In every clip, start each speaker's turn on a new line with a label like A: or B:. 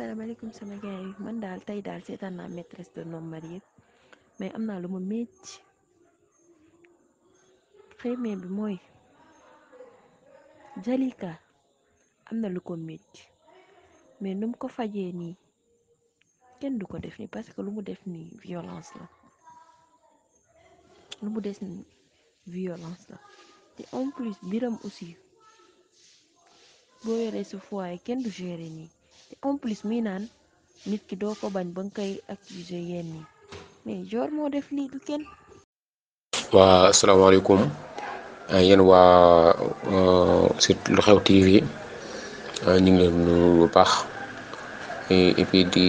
A: asalaamaaleykum sama gars yi man daal tey daal seetaan naa maîtresse d'un homme marié mais am naa lu ma métti premier bi mooy Jalika am na lu ko métti mais nu ko fajee nii kenn du ko def nii parce que lu mu def nii violence la lu mu def nii violence la te en plus biram aussi boo yoree sa foyer kenn du gérer nii. te en plus muy naan nit ki doo ko bañ ba nga koy accusé yenn yi mais joor moo def lii du kenn.
B: waa asalaamaaleykum eh, yéen waa euh, surtout lu xew TV eh, ñu ngi leen nuyu bu baax eh, et di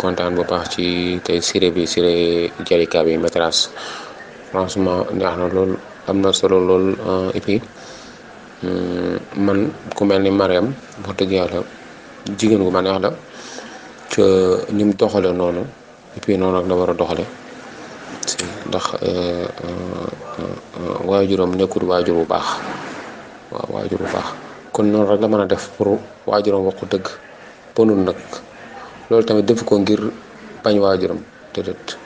B: kontaan bu baax ci tey série bi série Jalika bi Maîtresse franchement neex na lool am na solo lool et hmm, man ku mel ni Mariam wax dëgg yàlla. jigéen gu ma neex la ca ni mu doxale noonu et noonu ak la war a doxale ndax euh, euh, euh, waajuram nekkul waajur bu baax waaw waajur bu baax kon noonu rek la mën a def pour waajuram waxu dëgg bonul nag loolu tamit def ko ngir bañ waajuram déedéet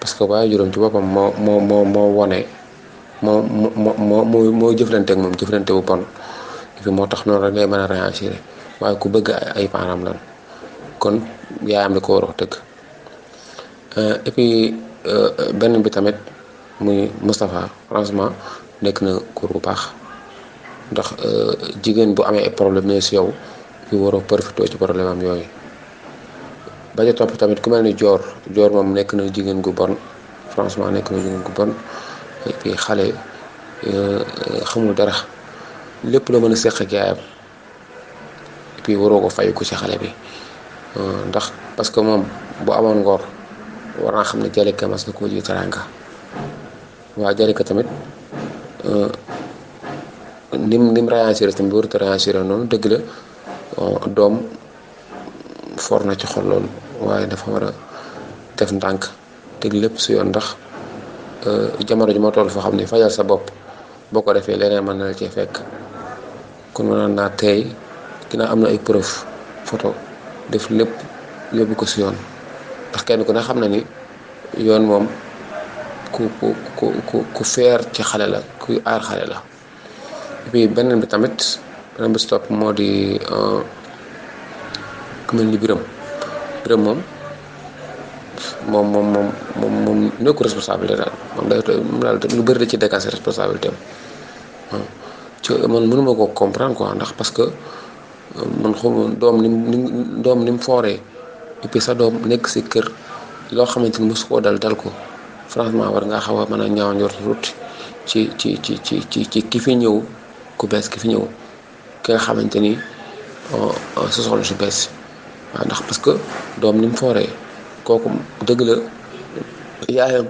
B: parce que waajuram ci boppam moo moo moo moo wone moo moo moo moo jëflante ak moom jëflante bu bon et moo tax noonu rek lay mën a réagir waaye ku bëgg ay parents lan kon yaayam la ko war dëgg euh, et puis euh, benn bi tamit muy Moustapha franchement nekk na góor bu baax ndax euh, jigéen bu amee ay problème ne si yow fi waroo profité ci problème am yooyu ba ca topp tamit ku mel ni joor joor moom nekk na jigéen gu bon franchement nekk na jigéen gu bon et puis xale xamul dara lépp la mën a seq ak yaayam et puis waroo ko fayiku ci xale bi euh, ndax parce que moom bu amoon ngor war naa xam ne Jalika mas na koo ji teraanga waaw Jalika tamit euh, nim nim réagir tamit warut a réagir noonu dëgg la euh, doom foor na ci xol lool waaye dafa war def ndànk teg lépp su yoon ndax jamono ji ma toll foo xam ne fajal sa bopp boo ko defee leneen mën na la cee fekk kon mënoon naa tey ginnaaw am na ay preuve photo def lépp yóbbu ko si yoon ndax kenn ku ne xam na ni yoon moom ku ku ku ku feer ci xale la kuy aar xale la et beneen bi tamit beneen bi stop topp moo di euh, ku mel ni biram biram moom moom moom moom moom moom nekku responsabilité daal moom day moom lu bari da ci décasé responsabilité ci man mënuma ko comprendre ndax man xamoon doom ni mu doom ni mu fooree et puis sa doom nekk si kër loo xamante ni mosu koo dal dal ko franchement war ngaa xaw a mën a ñaaw njort tuuti ci ci ci ci ci ci ki fi ñëw ku bees ki fi ñëw ki xamante ni euh, su soxla su bees waaw ndax parce que doom ni mu fooree kooku dëgg la yaayam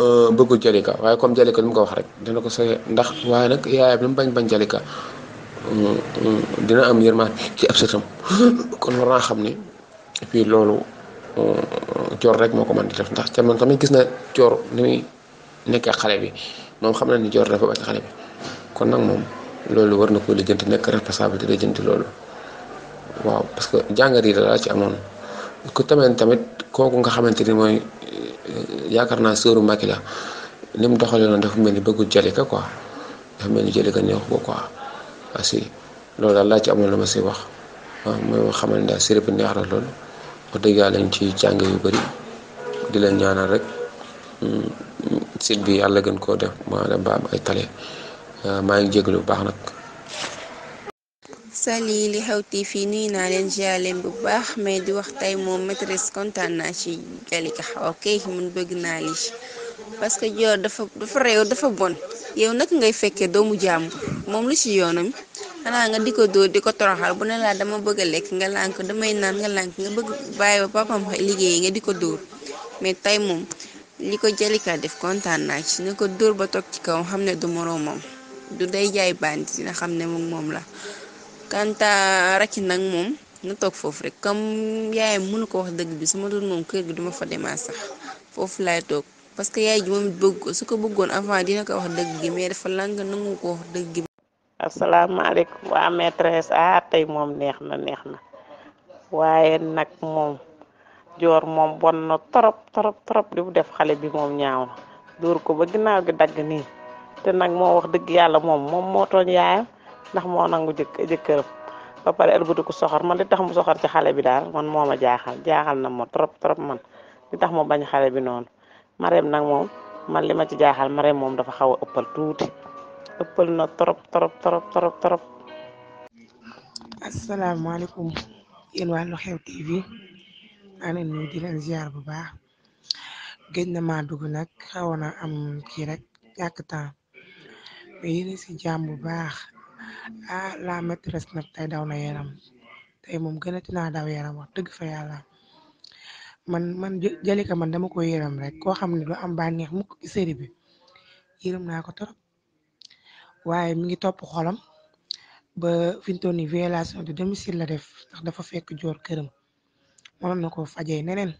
B: euh, bëggu Jalika waaye comme Jalika ni mu ko wax rek dana ko soyee ndax waaye nag yaayam ni mu bañ bañ Jalika dina am yërmaat ci ab kon war naa xam ne fii loolu euh, coor rek moo ko mën di def ndax ca man tamit gis na coor ni muy nekkee xale bi moom xam na ni coor dafa bàcc xale bi kon nag moom loolu war na ko lijjanti nekk responsable di lijjanti loolu waaw parce que jàngat yi dala ci amoon ku tamit tamit kooku nga xamante ni mooy euh, yaakaar naa sëru Mbacké la ni mu doxalee noonu dafa mel ni bëggu Jalika quoi dafa mel ni Jalika neexu ko quoi assi loolu daal laa ci amoon la ma si wax waaw mooy ma xamal ne daal neex la lool wax dëgg yàlla ñu ci jànge yu bëri di leen ñaanal rek mm, site bi yàlla gën koo def ma dem ba am ay tale maa ngi jégalu baax nag
C: sali li xew TV nuyu naa leen jaaleen bu baax mais di wax tey moom maîtresse kontaan naa ci Jalika Awa Kay mun bëgg naa lii parce joor dafa dafa dafa bon yow naka ngay fekkee doomu jàmm moom lu ci yoonam xanaa nga di ko dóor di ko toroxal bu ne laa dama bëgg a lekk nga lànk damay naan nga lànk nga bëgg bàyyi ba papam liggéey nga di ko dóor mais tey moom li ko Jalika def kontaan naa ci ne ko dóor ba toog ci kaw xam ne du moroomam du day jaay bandi dina xam ne moom moom la kanta rakki nag moom na toog foofu rek comme yaayam mënu ko wax dëgg bi su ma doon moom kër gi duma fa demaat sax foofu laay toog parce que yaay ji moom bëgg su ko bëggoon avant dina ko
D: wax dëgg gi mais dafa làng nangu ko wax dëgg gi. asalaamaaleykum ah tey moom neex na neex na waaye nag moom joor moom bon na trop trop trop li def xale bi moom ñaaw na dóor ko ba ginnaaw gi dagg nii te nag moo wax dëgg yàlla moom moom moo tooñ yaayam ndax moo nangu jëkk jëkkëram ba pare ëlbati ko soxor man li tax mu soxor ci xale bi daal man moo ma jaaxal jaaxal na ma trop trop man li tax mu bañ xale bi noonu. Marème nag moom man li ma ci jaaxal Marème moom dafa xaw a ëppal tuuti ëppal na trop trop trop trop trop.
E: asalaamaaleykum yéen xew TV maa ngi nuyu di bu baax géej na maa dugg nag xaw na am kii rek ñàkk temps mais yéen si jàmm bu baax ah la maîtresse nag tey daw na yaram tey moom gën a dinaa daw yaram wax dëgg fa yàlla. man man Jalika man dama ko yërëm rek koo xam ne du am bànneex mukk ci série bi yërëm naa ko trop waaye mi ngi topp xolam ba fi mu toll nii de domicile la def ndax dafa fekk joor këram mënoon na ko fajee neneen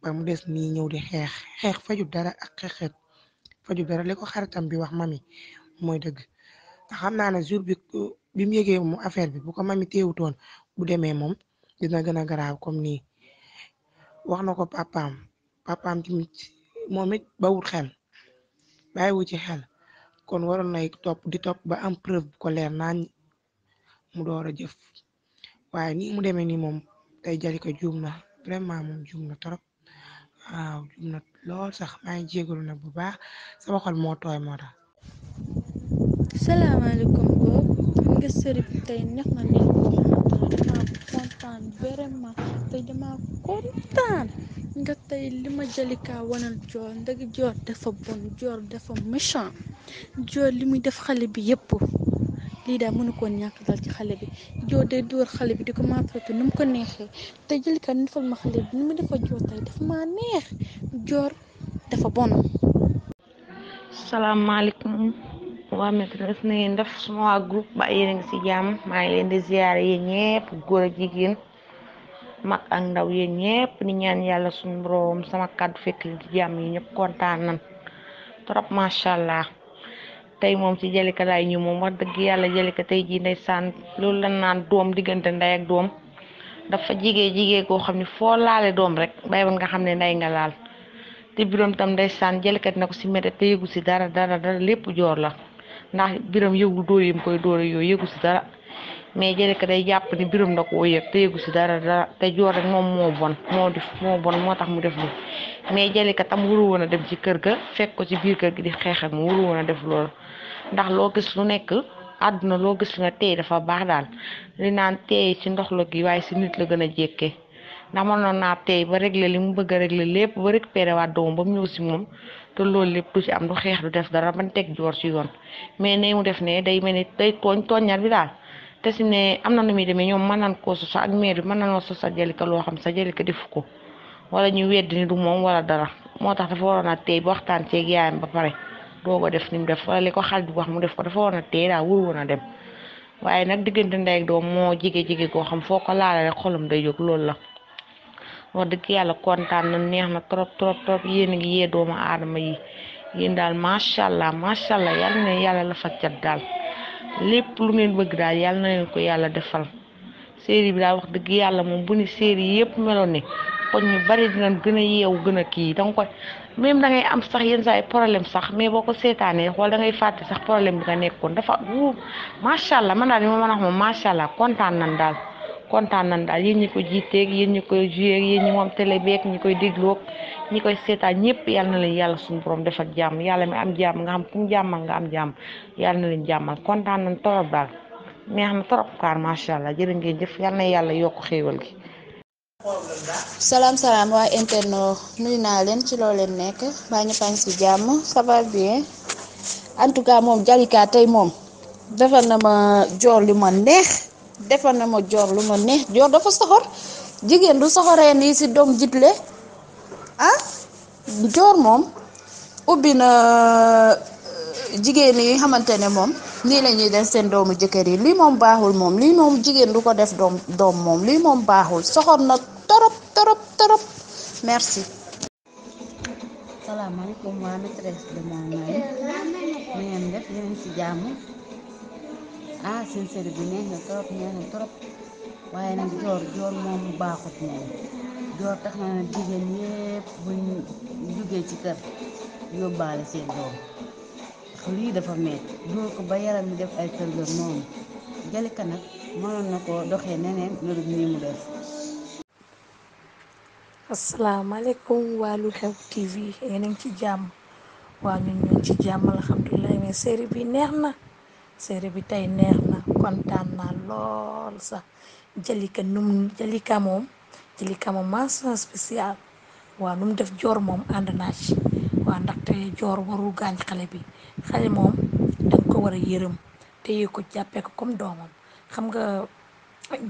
E: ba mu des nii ñëw di xeex xeex faju dara ak xeexet faju dara li ko xaritam bi wax mami mooy dëgg te xam naa ne jour bi bi mu mu affaire bi bu ko mami téewutoon bu demee moom dina gën a garaaw comme nii wax na ko papaam papaam tamit moom it bawut xel bàyyiwu ci xel kon waroon nay topp di topp ba am preuve bu ko leer naañ mu door a jëf waaye nii mu demee nii moom tey jali ko juum na vraiment moom juum na trop waaw juum na lool sax maa ngi jégalu nag bu baax sama xol moo tooy moo tax.
F: salaamaaleykum
A: kontaan te dama kontaan nga tey li ma Jalika wanal Dior ndeg Dior dafa bon Dior dafa méchant Dior li muy def xale bi yépp lii daal mënu koon ñàkk dal ci xale bi Dior day dóor xale bi di ko maltraité nu mu ko neexee te Jalika nu defal ma xale bi ni mu dafa Dior tey
G: dafa ma neex Dior dafa bon salaamaaleykum waa maîtresse na ngeen def suma waa groupe ba yéen a ngi si jàmm maa ngi leen di ziare yéen góor ak jigéen mag ak ndaw yéen ñëpp ni ñaan yàlla suñu borom sama kàddu fekk li di jàmm yi ñëpp kontaan nan trop macha allah tey moom ci Jalika laay ñu moom wax dëgg yàlla Jalika tey jii ndeysaan loolu la naan doom diggante nday ak doom dafa jigee jigée koo xam ne foo laale doom rek bay ba nga xam ne nday nga laal te biroom tam saan Jalika dina ko si mété te yëgu si dara dara lépp joor la ndax biram yëgul dóor yi mu koy dóor yooyu yëgu si dara mais Jalika day jàpp ni biram da koo yëg te yëgu si dara dara te joor rek moom moo bon moo def moo bon moo tax mu def loolu mais Jalika tam waru woon a dem ci kër ga fekk ko ci biir kër gi di xeex ak mu waru woon a def loolu ndax loo gis lu nekk àdduna loo gis lu ne tey dafa baax daal li naan tey ci ndox la gi waaye si nit la gën a jékkee ndax mënoon naa tey ba réglé li mu bëgg a réglé lépp ba récupéré waat doom ba mu ñëw si moom te loolu lépp du ci am du xeex du def dara ban teg joor ci yoon mais ne mu def ne day mel ni day tooñ tooññat bi daal te si ne am na nu muy demee ñoom mën nañ koo sosa ak maire bi mën nañoo sosa Jalika loo xam sa Jalika defu ko wala ñu wedd ni du moom wala dara moo tax dafa waroon a téye ba waxtaan ceeg ba pare doo ko def ni mu def wala ko xarit wax mu def ko dafa waroon a téye daal wur woon a dem waaye nag diggante ndey doom moo jige jige koo xam foo ko laala rek xolam day jóg loolu la wax dëgg yàlla kontaan na neex na trop trop trop yéen a ngi yee doomu aadama yi yéen daal macha allah macha allah yal na yàlla la fa cat daal lépp lu ngeen bëgg daal yàlla na leen ko yàlla defal série bi daal wax dëgg yàlla moom bu ni série yëpp meloon ne kon ñu bari dinañ gën a yeewu gën a kii danga ko même da ngay am sax yenn saa ay problème sax mais boo ko seetaanee xool da ngay fàtte sax problème bi nga nekkoon dafa wuu macha allah man daal ma mën a macha allah kontaan kontaan nañ daal yéen ñi ko jiiteeg yéen ñi koy joué yéen ñi moom télé beeg ñi koy dégloog ñi koy seetaan ñëpp yal na leen yàlla suñ borom defal yàlla am jàmm nga xam fu mu am jàmm yal na kontaan nañ torop na torop kaar macha allah jërë ngeen jëf yal gi. salaam salaam nekk
C: mbaa ñu pañ si jàmm ça va defal na ma joor li ma neex. defal na ma joor lu ma neex joor dafa soxor jigéen du soxoree nii si doom jitle ah joor moom ubbi na euh, jigéen yi xamante ne moom nii la ñuy def seen doomu jëkkër yi lii moom baaxul moom lii moom jigéen
H: du ko def doom doom moom lii moom baaxul soxor na torop torop torop merci.
A: salaamaaleykum waa maîtresse
I: ah seen bi neex na trop neex na trop waaye nag joor joor moom baaxut moom joor tax na nag jigéen yépp buñ jugee ci kër yóbbaale seen doom lii dafa metti dóor ko ba yaram mi def ay kër ga noonu Jalika nag mënoon na ko doxee neneen loolu nii mu def
F: asalaamaaleykum waa Lu Xew TV yéen a ngi ci jàmm waa ñun ñu ngi ci jàmm alhamdulilah mais série bi neex na série bi tey neex na kontaan naa lool sax Jalika num Jalika moom Jalika moom mention spéciale waaw nu mu def joor moom ànd naa ci waaw ndaxte joor warul gaañ xale bi xale moom danga ko war a yërëm téye ko jàppee ko comme doomam xam nga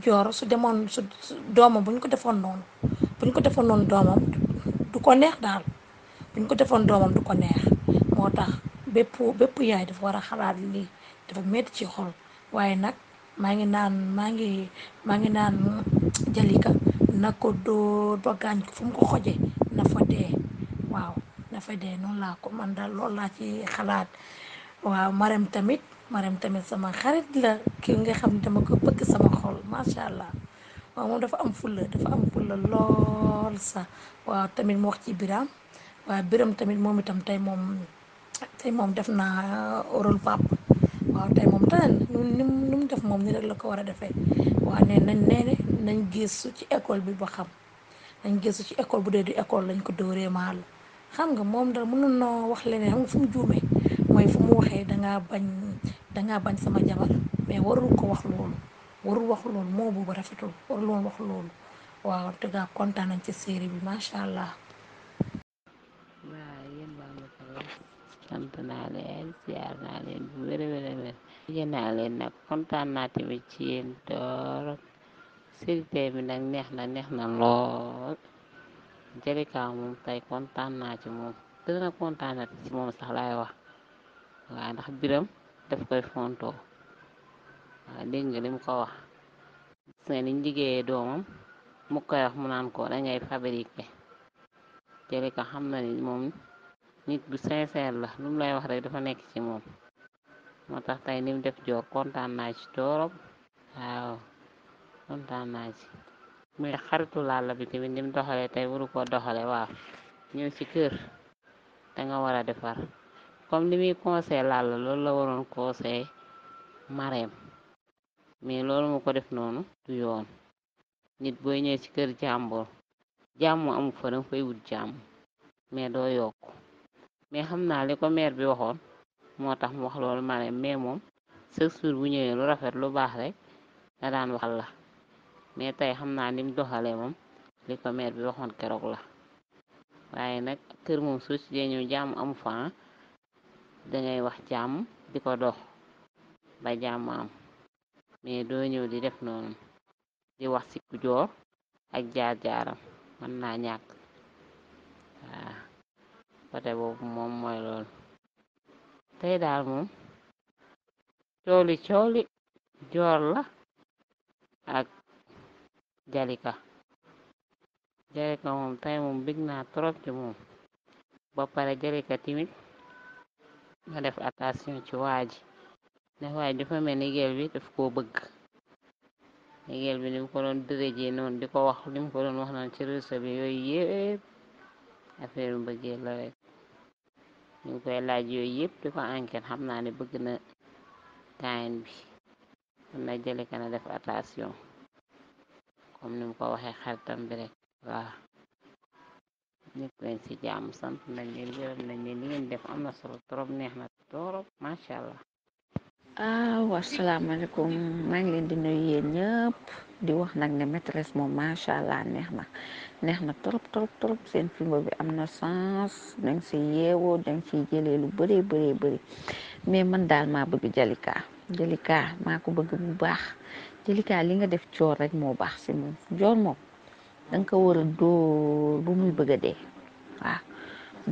F: joor su demoon su doomam bu ko defoon noonu bu ñu ko defoon noonu doomam du ko neex daal bu ñu ko defoon doomam du ko neex moo tax bépp bépp yaay dafa war a xalaat lii dafa métti ci xol waaye nag maa ngi naan maa ngi maa ngi naan Jalika na ko dóor ba gaañ ko fu mu ko xojee na dee waaw na dee noonu laa ko man daal lool laa ci xalaat waaw marem tamit marem tamit sama xarit la ki nga xam ne dama ko bëgg sama xool macha allah waaw moom dafa am fulla dafa am fulla lool sax waaw tamit mu wax ci biram waaw biram tamit moom itam tey moom tey moom def naa rôle papa waaw tey moom tànn nu mu def moom ni rek la ko war a defee waaw nee nañ nee nañ gëstu ci école bi ba xam nañ gëstu ci école bu dee di école lañ ko dóoree maal xam nga moom dara mënoon noo wax leneen xam nga fu mu juumee mooy fu mu waxee dangaa bañ dangaa bañ sama jabar mais warul ko wax loolu warul wax loolu moo boobu rafetul warul woon wax loolu waaw te gaa kontaan nañ ci série bi macha allah.
J: sant naa leen ziar naa leen bu wér a wér a wér jigéen naa leen nag kontaan naa tamit ci sérité bi nag neex na neex na lool Jalika moom tey kontaan naa ci moom gën a kontaan na ci moom sax laay wax waaw ndax biram daf koy fontoo waaw dégg nga li ko wax gis nga niñ liggéeyee doomam mu koy wax mu naan ko dangay fabriqué Jalika xam na ni moom nit bu sincère la lu lay wax rek dafa nekk ci moom moo tax tey nim def joor kontaan naa ci torop waaw kontaan naa ci muy xaritu Lalla bi tamit ni mu doxalee tey waru koo doxale waaw ñëw ci kër da nga war a defar comme li muy conseil Lalla loolu la waroon conseil Marème mais loolu mu ko def noonu du yoon nit booy ñëw ci kër jàmbur jàmm amu fa danga fay wut jàmm mais doo yokk mais xam naa li ko maire bi waxoon moo tax mu wax loolu ma ne mais moom chaque jour bu ñëwee lu rafet lu baax rek la daan waxal la mais tey xam naa ni mu doxalee moom li ko maire bi waxoon keroog la waaye nag kër moom soo ci dee ñëw jàmm amu fa dangay wax jàmm di ko dox ba jàmm am mais doo ñëw di def noonu di wax si ku ak jaar-jaaram mën naa ñàkk côté moom mooy loolu tey daal moom cooli cooli joor la ak jalika jalika moom tey moom big naa trop ci moom ba pare jalika timit nga def attention ci waaji ndax waaji dafa mel ni gel bi daf koo bëgg nigel bi ni mu ko doon dërëjee noonu di ko wax li ko doon wax naan ci réseau bi yooyu yëpp affaire mbëggee la rek ñu ngi koy laaj yooyu yëpp di ko enquête xam naa ne bëgg na taayin bi mun na jële ka na def attention comme ni mu ko waxee xaritam bi rek waaw ñëpp leen ci jàmm sant nañ leen gërëm nañ leen li ngeen def am na solo trop neex na trop macha allah.
C: aw ah, asalaamaaleykum maa ngi leen di nuyu yéen ñëpp di wax nag ne maîtresse moom macha allah neex na. neex na trop trop trop seen film bi am na sens danga si yeewoo danga siy jëlee lu bëree bëree man daal maa bëgg Jalika Jalika maa ko bëgg bu baax Jalika li nga def coor rek moo baax si moom joor moom danga ko war a dóor bu muy bëgg dee waaw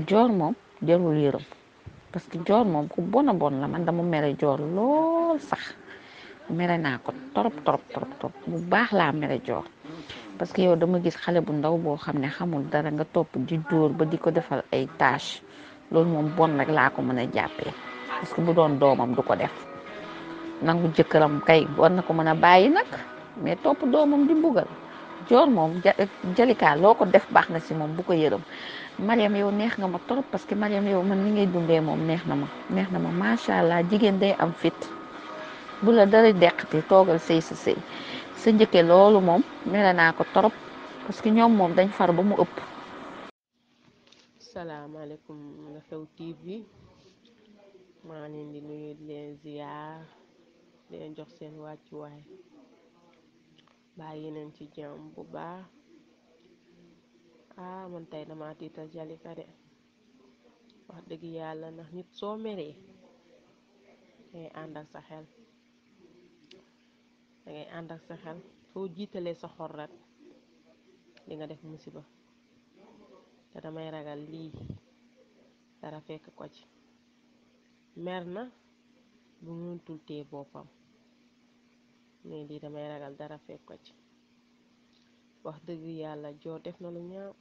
C: joor moom jarul yërëm parce que joor moom ku bon a bon mere joor lool sax mere naa ko trop trop trop trop bu baax laa mere joor parce que yow dama gis xale bu ndaw boo xam ne xamul dara nga topp di dóor ba di ko defal ay tâche loolu moom bon rek laa ko mën a jàppee parce que bu doon doomam du ko def nangu jëkkëram kay war na ko mën a bàyyi nag mais topp doomam di mbugal joor moom jalika loo ko def baax na si moom bu ko yërëm Mariam yow neex nga ma trop parce que Mariam yow man ni ngay dundee moom neex na ma neex na ma macha allah jigéen day am fit bu la dara deqati toogal sëy sa sëy sa njëkke loolu moom mere naa ko torop parce que ñoom moom dañ far ba mu ëpp.
D: salaamaaleykum nga xew TV maa leen di nuyu di leen ziar leen jox seen wàccuwaay bàyyi nañ ci jàmm bu baax ah man tey dama tiital Jalika de wax dëgg yàlla ndax nit soo meree ngay ànd ak sa xel. dangay ngay ànd ak sa xel soo jiitalee sa xol rek di nga def musiba te damay ragal lii dara fekk ko ci mer na bu mëntul tee boppam ne lii damay ragal dara fekk ko ci wax dëgg yàlla joo def na lu ñaaw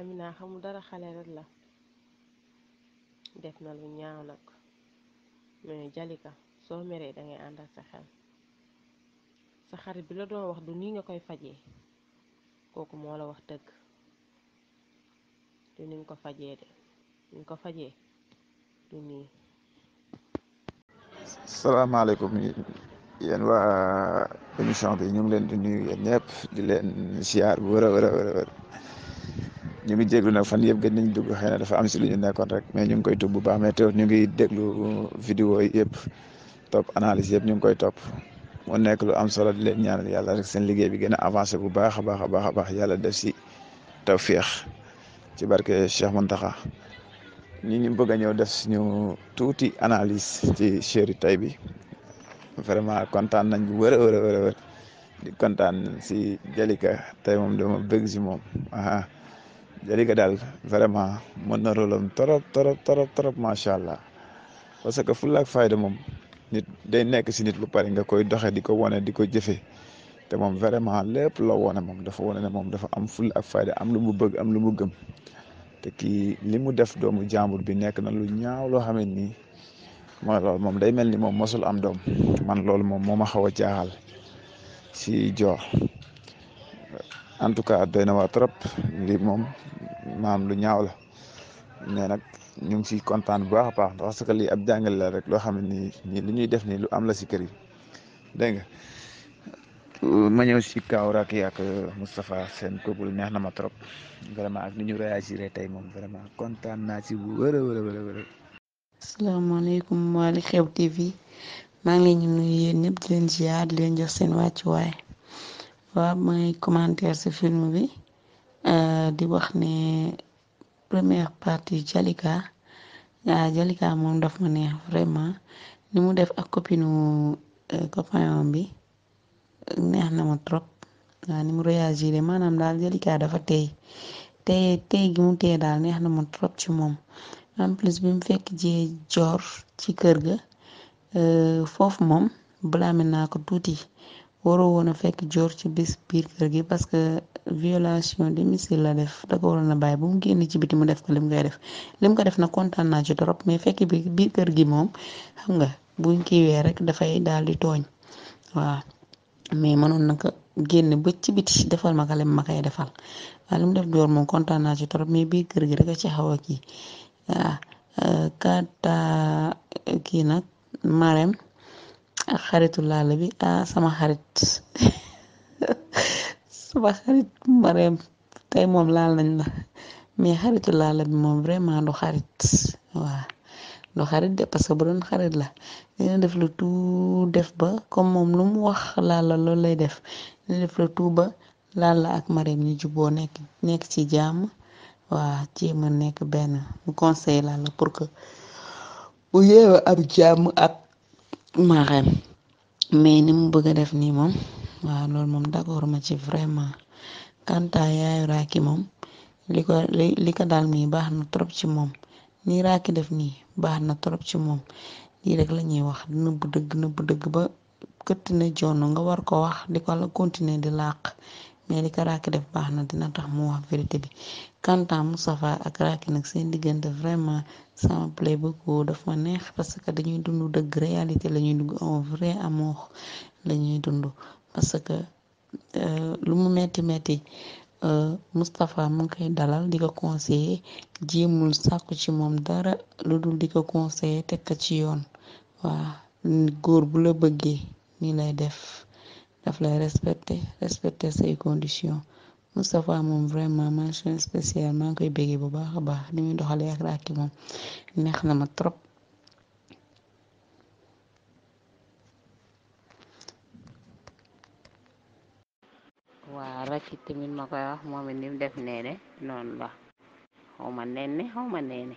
D: Amina xamul dara xale rek la def na lu ñaaw nag mais Jalika soo meree dangay ànd ak sa xel sa xarit bi la doon wax du nii nga koy faje kooku moo la wax dëgg du nga ko fajee de ni nga ko fajee du nii
K: yéen waa émission bi ñu ngi leen di nuyu ñëpp di leen siyaar bu wër a wër a wër ñu ngi jéglu nag fan yëpp gën nañ dugg xëy na dafa am si lu ñu nekkoon rek mais ñu ngi koy tub bu baax mais teewul ñu ngi déglu vidéo yi yëpp top analyse yëpp ñu ngi koy topp moo nekk lu am solo di leen ñaanal yàlla rek seen liggéey bi gën a avancé bu baax a baax a baax yàlla def si tawféex ci barke Cheikh Mountakha ñi ñu bëgg a ñëw def suñu tuuti analyse ci chéri tay bi vraiment kontaan nañ bu wër a wër a di kontaan si Jalika tey moom dama bëgg si moom aha Jalika daal vraiment mën na rôlam trop trop trop trop macha allah parce que fulla ak fayda moom. nit day nekk si nit lu pare nga koy doxe di ko wane di ko jëfee te moom vraiment lépp la wane moom dafa wane ne moom dafa am ful ak fayda am lu mu bëgg am lu mu gëm te kii li mu def doomu jàmbur bi nekk na lu ñaaw loo xam ne nii mooy moom day mel ni moom mosul am doom man loolu moom moo ma xaw a jaaxal si joor en tout cas doy na waa trop lii moom maam lu ñaaw la nag ñu ngi siy kontaan bu baax a baax parce que lii ab jàngal la rek loo xam ne nii nii ñuy def ni lu am la si kër yi dégg nga ma ñëw si Kaolack ak euh, Moustapha seen couple neex na ma trop vraiment ak ni ñu réagir tey moom vraiment kontaan naa si bu wërë wërë wërë
I: Xew TV maa ngi leen di nuyu yéen ñëpp di leen ziar di commentaire si film bi euh, di wax ne. première partie Jalika waaw Jalika moom daf ma neex vraiment ni mu def ak copinu euh, copain bi neex na ma trop waaw ni mu réagir maanaam daal Jalika dafa tey tey tey gi mu tey daal neex na ma trop ci moom en plus bi mu fekk jee joor ci kër ga euh, foofu moom blâme naa ko tuuti. waroo woon a fekk joor ci bis biir kër gi parce que violation di domicile la def da ko waroon a bàyyi bu mu génnee ci biti mu def ko lim koy def lim ko def na kontaan naa ci trop mais fekk bi biir kër gi moom xam nga buñ kiiwee rek dafay daal di tooñ waaw mais mënoon na ko génn ci biti defal ma ko lim ma koy defal li mu def joor moom kontaan naa mais biir kër gi rek a xaw a kii waaw euh, nag marem ak xaritu laala bi ah sama xarit sama xarit mareem tey moom laal nañ la mais xaritu laala bi moom vraiment du xarit waaw du xarit de parce que bu doon xarit la dina def la tout def ba comme moom lu mu wax laala loolu lay def dina def la tout ba laala ak mareem ñu boo nekk nekk ci jàmm waaw jéem a nekk benn mu conseil laala pour que bu yeewa ab jàmm ak maaxeem mais ni mu bëgg a def nii moom waaw loolu moom d'accord ma ci vraiment kanta yaayu raaki moom li ko li ko daal mii baax na trop ci moom nii raaki def nii baax na trop ci moom lii rek la ñuy wax nëbb dëgg nëbb dëgg ba këtt ne joonu nga war ko wax di ko la continuer di làq mais li ko Racky def baax na dina tax mu wax vérité bi quant à nag seen diggante vraiment ça me plaît beaucoup daf ma neex parce que dañuy dund dëgg réalité la ñuy dugg un vrai amour la ñuy dund parce que euh, lu mu metti metti euh, Moustapha mu dalal di ko conseiller jéemul sàkku ci moom dara lu dul di ko conseiller teg ko ci yoon waa góor bu la bëggee nii lay def. daf lay respecté respecté say conditions Moustapha moom vraiment mention spéciale maa ngi koy béggee bu baax a baax ni muy doxalee ak Racky neex na ma trop.
J: waaw Racky tamit moom it ni mu la xaw xaw ma neene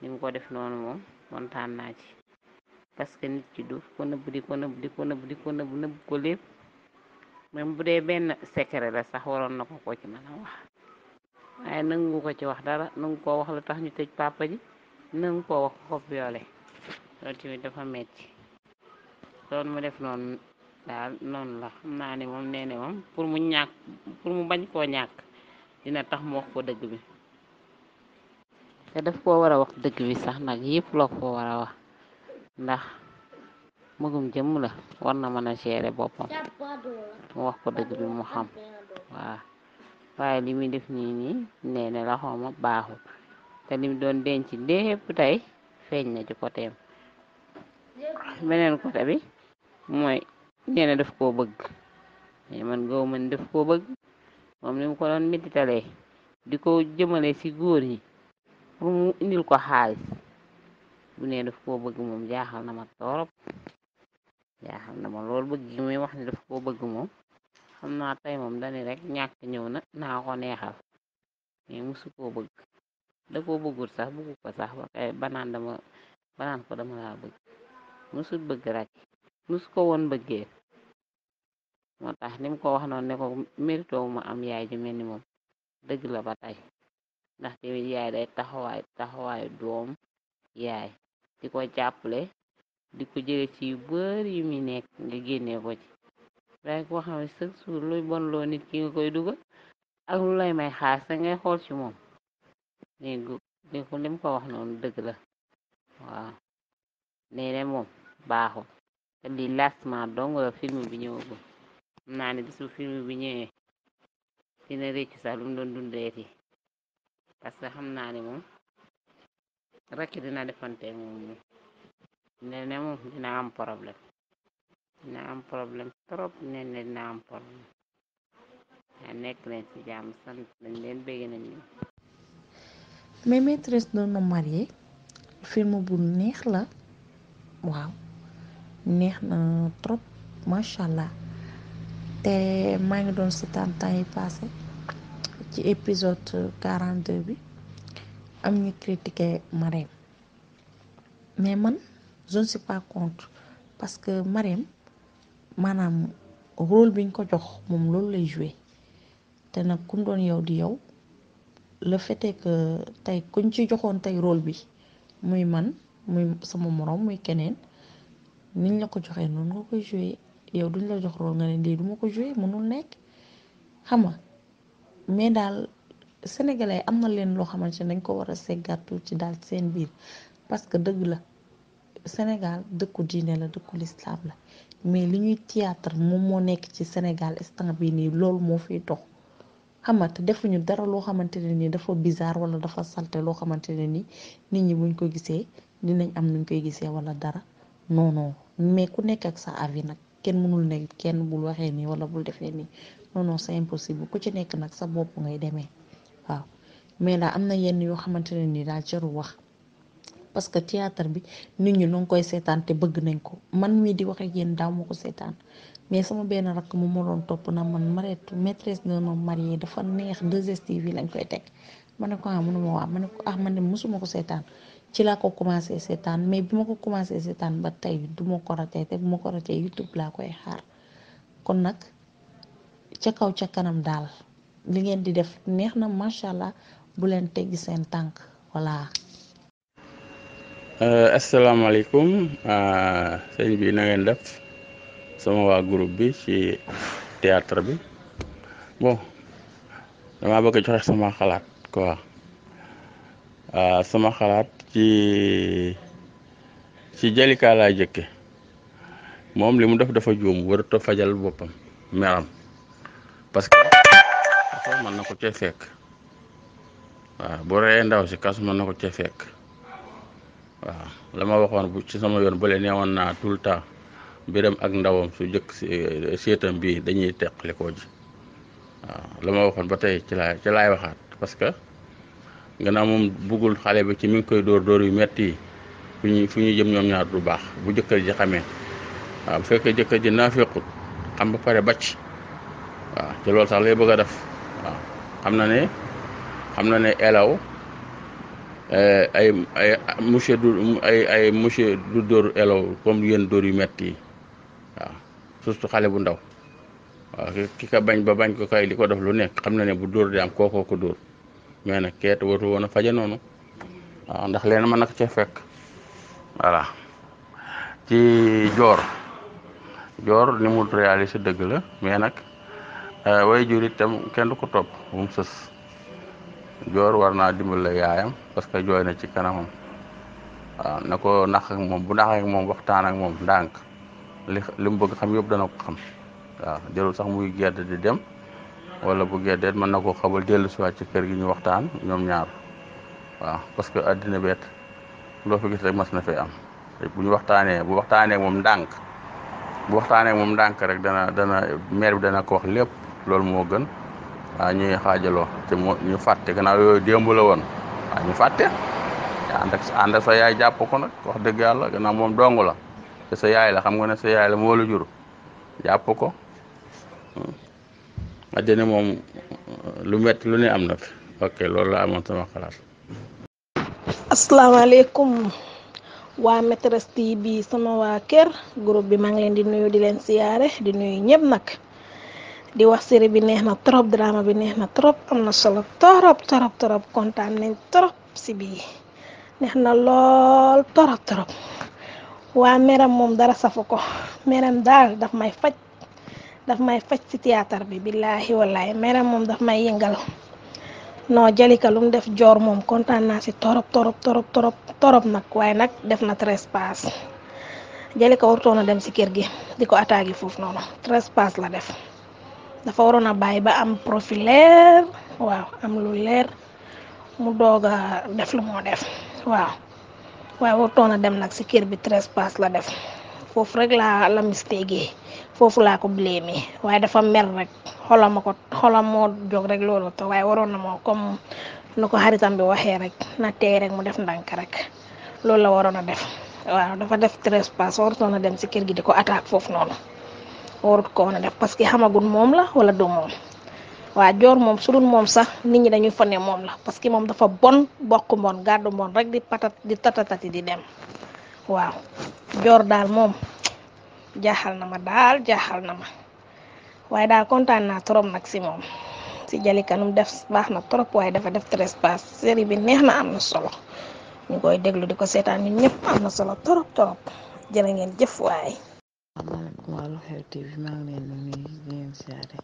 J: ni ko def noonu moom kontaan naa parce que nit ki du ko nëbb di ko nëbb di ko nëbb di ko nëbb nëbb ko lépp même bu dee benn secret la sax waroon na ko ko ci mën wax waaye nangu ko ci wax dara nangu koo wax la tax ñu tëj papa ji nangu koo wax ko violé dafa metti soon mu def noonu daal noonu la xam naa ne moom nee ne moom pour mu ñàkk pour mu bañ koo ñàkk dina tax mu wax ko dëgg bi te daf koo war a wax dëgg bi sax ndag yëpp look ko war a wax ndax mëgum jëmm la war na mën a gérer boppam mu wax ko dëgg bi mu xam waaw waaye li muy def nii nii nee ne la xooma baaxul te li mu doon denc lépp tey feeñ na ci côtéem meneen côté bi mooy nee na daf koo bëgg mais man gow man koo bëgg moom mu ko doon métitalee di ko jëmale ci góor yi pour mu indil ko xaalis bu ne daf koo bëgg moom jaaxal na ma torop jaaxal na ma lool bëgg gi wax ne daf koo bëgg moom xam naa tey moom dani rek ñàkk ñëw na naa ko neexal mais musu koo bëgg da koo bëggul sax bëggu ko sax ba kay banaan dama banaan ko dama laa bëgg musul bëgg rek musu ko woon bëggee moo tax ni ko wax noonu ne ko méritoowu ma am yaay ju mel ni moom dëgg la ba tey ndax ndaxte yaay day taxawaay taxawaayu doom yaay di ko jàppale di ko jële ci bëri bari yu nekk nga génne ko ci waaye koo xam ne chaque jour luy nit ki nga koy dugal ak lu may xaas da ngay xool ci moom léegi ko lim ko wax noonu dëgg la waaw nee ne moom baaxul te lastement dong la film bi ñëwagul xam naa ne bisu film bi ñëwee dina réccu sax lu mu doon dundeeti parce que xam naa ne moom rakki dina defante moom moom dina am problème dina am problème trop nene dina am problème yaa nekk leen ci jàmm sant dañ
A: mais maîtresse d'un homme marié film bu neex la waaw neex na trop macha allah te maa ngi doon seetaan temps yi passé ci épisode 42 bi am ñu critiquer Marème mais man je ne pas contre parce que Marème maanaam rôle biñ ko jox moom loolu lay joué te nag kum doon yow di yow le fait est que tey kuñ ci joxoon tey role bi muy man muy sama moroom muy keneen niñ la ko joxee noonu nga koy joué yow duñ la jox rôle nga ne lii du ma ko joué mënul nekk xam nga mais daal. sénégalais am na leen loo xamante ne dañ ko war a seggaat ci daal seen biir parce que dëgg la Sénégal dëkku diine la dëkku lislaam la mais li ñuy théâtre moom moo nekk ci Sénégal instant bi nii loolu moo fiy dox xamante defuñu dara loo xamante ne nii dafa bizarre wala dafa salte loo xamante ne nii nit ñi buñ ko gisee dinañ am nuñ koy gisee wala dara non non mais ku nekk ak sa avis nag kenn mënul nekk kenn bul waxee nii wala bul defee nii non non c'est impossible ku ci nekk nag sa bopp ngay demee. waaw mais daal am na yenn yoo xamante ne ni daal jarul wax parce que théâtre bi nit ñi nu koy seetaan te bëgg nañ ko man mii di waxee génn daaw ma ko seetaan mais sama benn rakk mu ma doon topp na man mareetu maîtresse d'un homme marié dafa neex 2STV lañ koy teg ma ne ko ah mënuma waa ma ne ko ah man de mosuma ko seetaan ci laa ko commencé seetaan mais bi ma ko commencé seetaan ba tey du ma ko ratee te bu ma ko ratee YouTube laa koy xaar kon nag ca kaw ca kanam daal li ngeen di def neex na macha allah bu leen teggi seen tànk voilà.
L: Euh, asalaamaaleykum euh, sëñ bi na ngeen def sama waa groupe bi ci théâtre bi bon damaa bëgg a joxe sama xalaat quoi euh, sama xalaat ci ci Jalika laa jëkke moom li mu def dafa juum warut a fajal boppam meram parce kaso mën na ko cee fekk waaw bu reyee ndaw si kas mën na ko cee fekk waaw la ma waxoon bu ci sama yoon bële neewoon naa tout le temps mbiram ak ndawam su jëkk eh, seetam bii dañuy teqalikoo la ma waxoon ba tey ci laay ci laay waxaat parce que gannaaw moom buggul xale bi ci mi ngi koy dóor dóor yu metti yi fu ñuy jëm ñoom ñaar du baax bu jëkkër ji xamee waaw bu fekkee jëkkër ji naafequt xam ba pare bacc waaw te loolu sax lay bëgg a def xam na ne xam na ne elaw eh, ay ay du ay ay monsieur dóor elaw comme yéen dóor yu metti yi surtout xale bu ndaw waaw bañ ba bañ ko kay li ko def lu nekk xam na ne bu dóor di am kookoo ko dóor mais nag keet warul woon a noonu ndax leen mën nag ca fekk voilà ci joor joor ni mu réalisé dëgg la mais nag Eh, way jur itam kenn du ko topp bu mu sës joor war naa dimbale yaayam parce que jooy na ci kanamam waaw ah, na ko nax moom bu nax moom waxtaan ak moom ndànk li li bëgg xam yëpp dana ko xam waaw jëlul sax muy gedd di dem wala bu geddeet mën na koo xabal dellu siwaat ci kër gi ñu waxtaan ñoom ñaar waaw parce que àddina beet loo fi gis am bu ñu waxtaanee bu waxtaanee moom ndànk bu waxtaanee moom ndànk rek dana dana maire bi dana ko wax lépp loolu moo gën waaw ñuy xaajaloo te moo ñu fàtte ga yooyu démb la woon waaw ñu fàtte ànd ak yaay jàpp ko nag wax dëgg yàlla gannaaw moom dong la te sa yaay la xam nga ne sa yaay la moo la jur jàpp ko hmm. àddina moom lu metti lu ne am na fi ok loolu la amoon sama xalaat
M: asalaamaaleykum waa Maîtresse TV bi sama waa kër bi maa leen di nuyu leen siyaare di nuyu ñëpp nag di wax série bi neex na trop drama bi neex na trop am na solo trop trop trop kontaan nañ trop si bii neex na lool trop trop waa meram moom dara safu ko meram daal daf may faj daf may faj ci théâtre bi billaahi wallaahi meram moom daf may yëngal non jalika lu mu def joor moom kontaan naa si torop torop torop torop torop nag waaye nag def na trespass jalika warutoon a dem si kër gi di ko attaqué foofu noonu trespass la def dafa waroon a bàyyi ba am profil leer waaw am lu leer mu doog a def lu moo def waaw waaye warutoon a dem nag si kër bi trespass la def foofu rek laa la mistégué foofu laa ko blémé waaye dafa mel rek xolam ma ko xolam moo jog rek loolu te waaye waroon na moo comme nu ko xaritam bi waxee rek na tey rek mu def ndànk rek loolu la waroon a def waaw dafa def trespass warutoon a dem si kër gi di ko attaque foofu noonu. warut ko woon a parce que xamagul moom la wala du moom joor moom su moom sax nit ñi dañuy fone moom la parce que moom dafa bon bokk mbon gàddu mbon rek di patat di tatatati di dem waaw joor daal moom jaaxal na ma daal jaaxal na ma waaye daal kontaan naa trop nag si moom si Jalika num def baax na trop waaye dafa def trespass série bi neex na am na solo ñu koy déglu di ko seetaan ñun ñëpp am na solo trop trop jërë ngeen jëf waaye.
H: waaw man waa Lu Xew TV maa ngi leen di nuyu di leen siyaare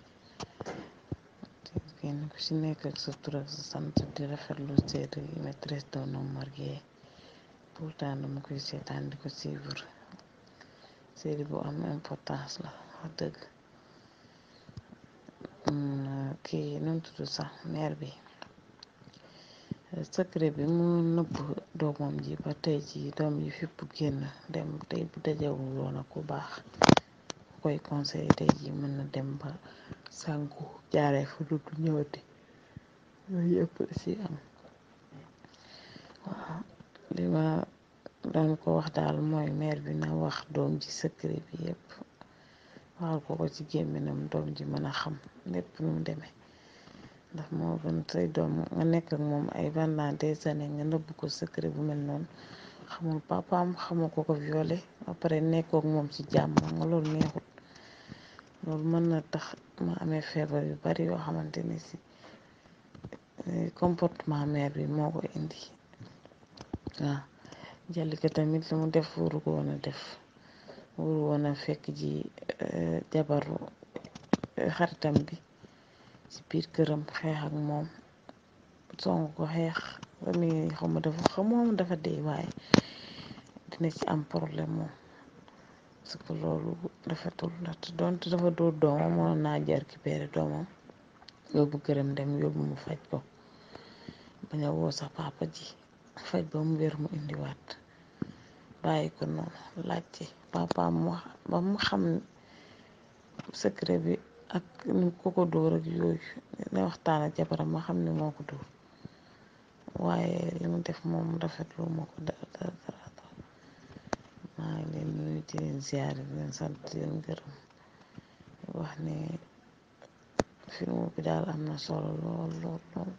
H: kenn ku ci nekk ak sa ti ak sa sant di rafetlu série Maîtresse d'un homme marié pourtant seetaan di ko suivre série bu am importance la wax dëgg mm, kii nu mu tudd sax mère bi secret bi doomam ji ba tey ji doom yi fipp génn dem tey bu dajawul woon ku baax koy conseil tey ji mën na dem ba sànku jaare fu dugg ñëwati yooyu yëpp am waaw li ko wax daal mooy mère bi na wax doom ji secret bi yëpp waxal ko ko ci gémminam doom ji mën a xam lépp nu mu ndax moo gën say doom nga nekk moom ay pendant des années nga nëbb ko secret bu mel noonu xamul papaam xamul ko ko violé pare nekkook moom ci jàmm nga loolu neexut loolu mën na tax ma amee feebar yu bari yoo xamante ni si eh, comportement mère bi moo ko indi waaw Jalika tamit li mu def wuru ko woon def wuru woon a fekk ji eh, jabaru eh, xaritam bi ci biir këram xeex ak moom song ko xeex wami dafa xamoom dina ci am problème moom parce que loolu rafetul ndaxte donte dafa doo doomam mënoon naa jar ki péere doomam yóbbu këram dem yóbbu mu faj ko bañ a papa ji faj ba mu wér indiwaat bàyyi ko noonu laajte papaam wax mu xam secret bi ak nim ko ko yooyu na waxtaan ak jabaram ma xam ne moo ko dóor waaye li mu def moom rafet lu ma ko dara dara dara maa ngi leen nuyu di leen ziyaare di leen sant di leen wax ne film bi daal am na solo lool lool lool.